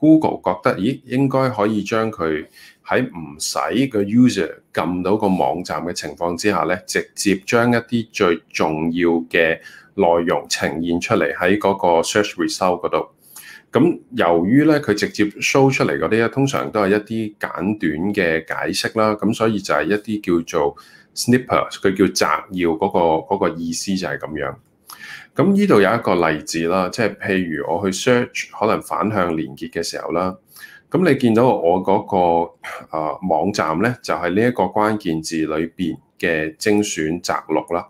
Google 覺得，咦，應該可以將佢喺唔使個 user 撳到個網站嘅情況之下咧，直接將一啲最重要嘅內容呈現出嚟喺嗰個 search result 嗰度。咁由於咧，佢直接 show 出嚟嗰啲咧，通常都係一啲簡短嘅解釋啦。咁所以就係一啲叫做 snippet，佢叫摘要嗰個嗰個意思就係咁樣。咁呢度有一個例子啦，即係譬如我去 search 可能反向連結嘅時候啦，咁你見到我嗰、那個啊、呃、網站咧，就係呢一個關鍵字裏邊嘅精選摘錄啦。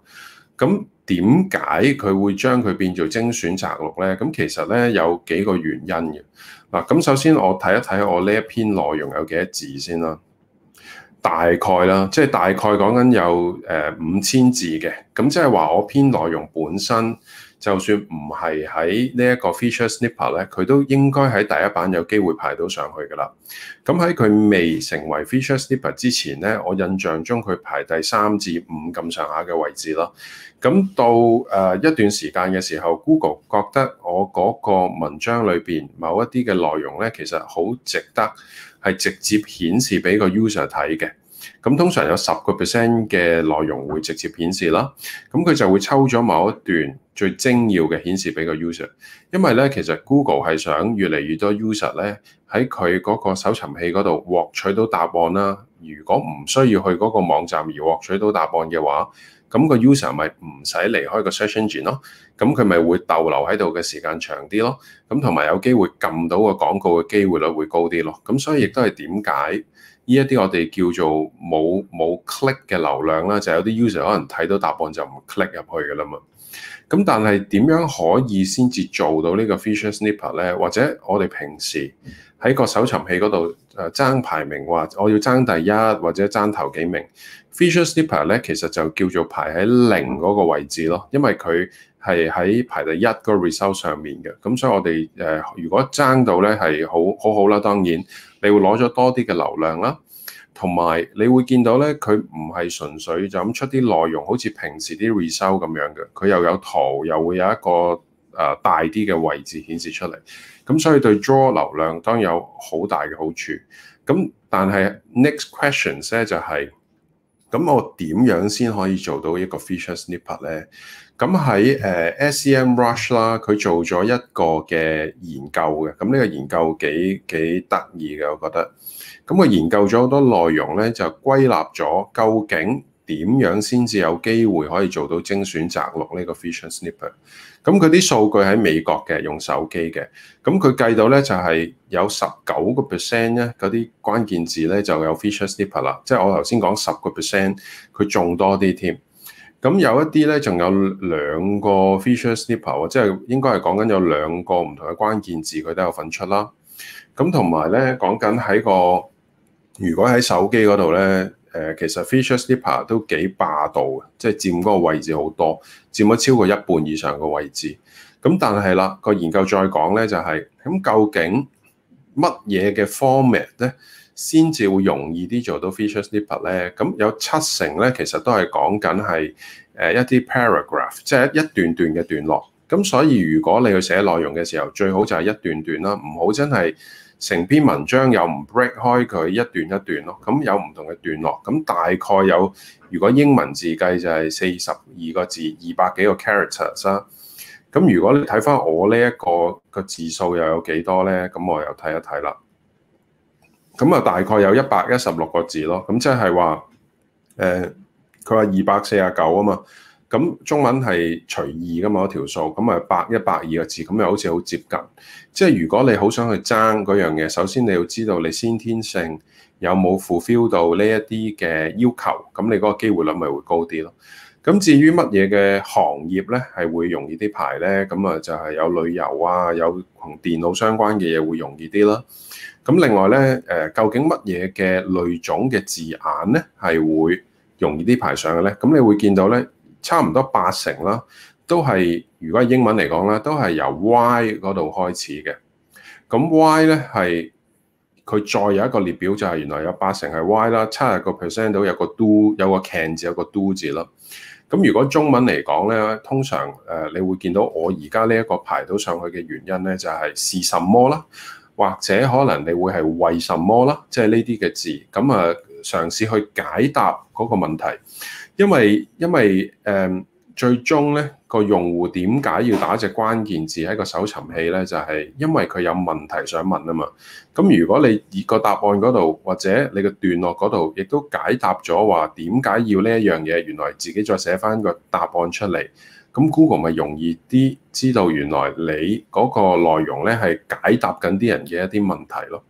咁點解佢會將佢變做精選摘錄咧？咁其實咧有幾個原因嘅嗱。咁首先我睇一睇我呢一篇內容有幾多字先啦。大概啦，即係大概講緊有誒五千字嘅，咁即係話我篇內容本身。就算唔係喺呢一個 feature snipper 咧，佢都應該喺第一版有機會排到上去㗎啦。咁喺佢未成為 feature snipper 之前咧，我印象中佢排第三至五咁上下嘅位置咯。咁到誒一段時間嘅時候，Google 覺得我嗰個文章裏邊某一啲嘅內容咧，其實好值得係直接顯示俾個 user 睇嘅。咁通常有十個 percent 嘅內容會直接顯示啦，咁佢就會抽咗某一段最精要嘅顯示俾個 user。因為咧，其實 Google 係想越嚟越多 user 咧喺佢嗰個搜尋器嗰度獲取到答案啦。如果唔需要去嗰個網站而獲取到答案嘅話，咁個 user 咪唔使離開個 search engine 咯。咁佢咪會逗留喺度嘅時間長啲咯。咁同埋有機會撳到個廣告嘅機會率會高啲咯。咁所以亦都係點解，呢一啲我哋叫做冇冇 click 嘅流量啦，就有啲 user 可能睇到答案就唔 click 入去噶啦嘛。咁但係點樣可以先至做到呢個 feature snipper 咧？或者我哋平時喺個搜尋器嗰度誒爭排名，話我要爭第一或者爭頭幾名，feature snipper 咧其實就叫做排喺零嗰個位置咯，因為佢，係喺排第一個 result 上面嘅，咁所以我哋誒、呃、如果爭到咧係好，好好好啦，當然你會攞咗多啲嘅流量啦，同埋你會見到咧佢唔係純粹就咁出啲內容，好似平時啲 result 咁樣嘅，佢又有圖，又會有一個誒、呃、大啲嘅位置顯示出嚟，咁所以對 draw 流量當然有好大嘅好處。咁但係 next question 咧就係、是。咁我點樣先可以做到一個 feature snippet 咧？咁喺誒 SEM Rush 啦，佢做咗一個嘅研究嘅，咁呢個研究幾幾得意嘅，我覺得。咁佢研究咗好多內容咧，就歸納咗究竟，點樣先至有機會可以做到精選擷錄呢個 feature snippet？咁佢啲數據喺美國嘅，用手機嘅。咁佢計到咧就係有十九個 percent 咧，嗰啲關鍵字咧就有 feature snippet 啦。即係我頭先講十個 percent，佢仲多啲添。咁有一啲咧，仲有兩個 feature snippet，即係應該係講緊有兩個唔同嘅關鍵字，佢都有分出啦。咁同埋咧，講緊喺個如果喺手機嗰度咧。誒其實 feature slipper 都幾霸道，即係、就是、佔嗰個位置好多，佔咗超過一半以上嘅位置。咁但係啦，個研究再講咧就係、是，咁究竟乜嘢嘅 format 咧先至會容易啲做到 feature slipper 咧？咁有七成咧，其實都係講緊係誒一啲 paragraph，即係一段段嘅段落。咁所以如果你去寫內容嘅時候，最好就係一段段啦，唔好真係。成篇文章又唔 break 開佢一段一段咯，咁有唔同嘅段落，咁大概有如果英文字計就係四十二個字，二百幾個 characters 啦。咁如果你睇翻我呢一個個字數又有幾多咧？咁我又睇一睇啦，咁啊大概有一百一十六個字咯，咁即係話，誒佢話二百四十九啊嘛。咁中文係隨意噶嘛，條數咁啊，百一百二個字咁又好似好接近。即係如果你好想去爭嗰樣嘢，首先你要知道你先天性有冇 fulfill 到呢一啲嘅要求，咁你嗰個機會率咪會高啲咯。咁至於乜嘢嘅行業咧，係會容易啲排咧？咁啊，就係有旅遊啊，有同電腦相關嘅嘢會容易啲咯。咁另外咧，誒究竟乜嘢嘅類種嘅字眼咧，係會容易啲排上嘅咧？咁你會見到咧。差唔多八成啦，都係如果英文嚟講咧，都係由 Y 嗰度開始嘅。咁 Y 咧係佢再有一個列表，就係原來有八成係 Y 啦，七十個 percent 到有個 do 有個 can 字，有個 do 字啦。咁如果中文嚟講咧，通常誒你會見到我而家呢一個排到上去嘅原因咧，就係、是、是什麼啦，或者可能你會係為什麼啦，即係呢啲嘅字。咁啊，嘗試去解答嗰個問題。因為因為誒最終咧個用戶點解要打隻關鍵字喺個搜尋器咧？就係因為佢有問題想問啊嘛。咁如果你以個答案嗰度或者你個段落嗰度，亦都解答咗話點解要呢一樣嘢，原來自己再寫翻個答案出嚟。咁 Google 咪容易啲知道原來你嗰個內容咧係解答緊啲人嘅一啲問題咯。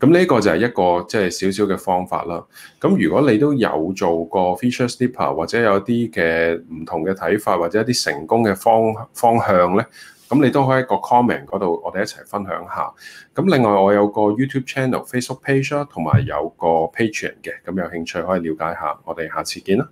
咁呢個就係一個即係少少嘅方法啦。咁如果你都有做過 feature stepper 或者有啲嘅唔同嘅睇法或者一啲成功嘅方方向咧，咁你都可以喺個 comment 嗰度，我哋一齊分享下。咁另外我有個 YouTube channel、Facebook page 同埋有個 Patreon 嘅，咁有興趣可以了解下。我哋下次見啦。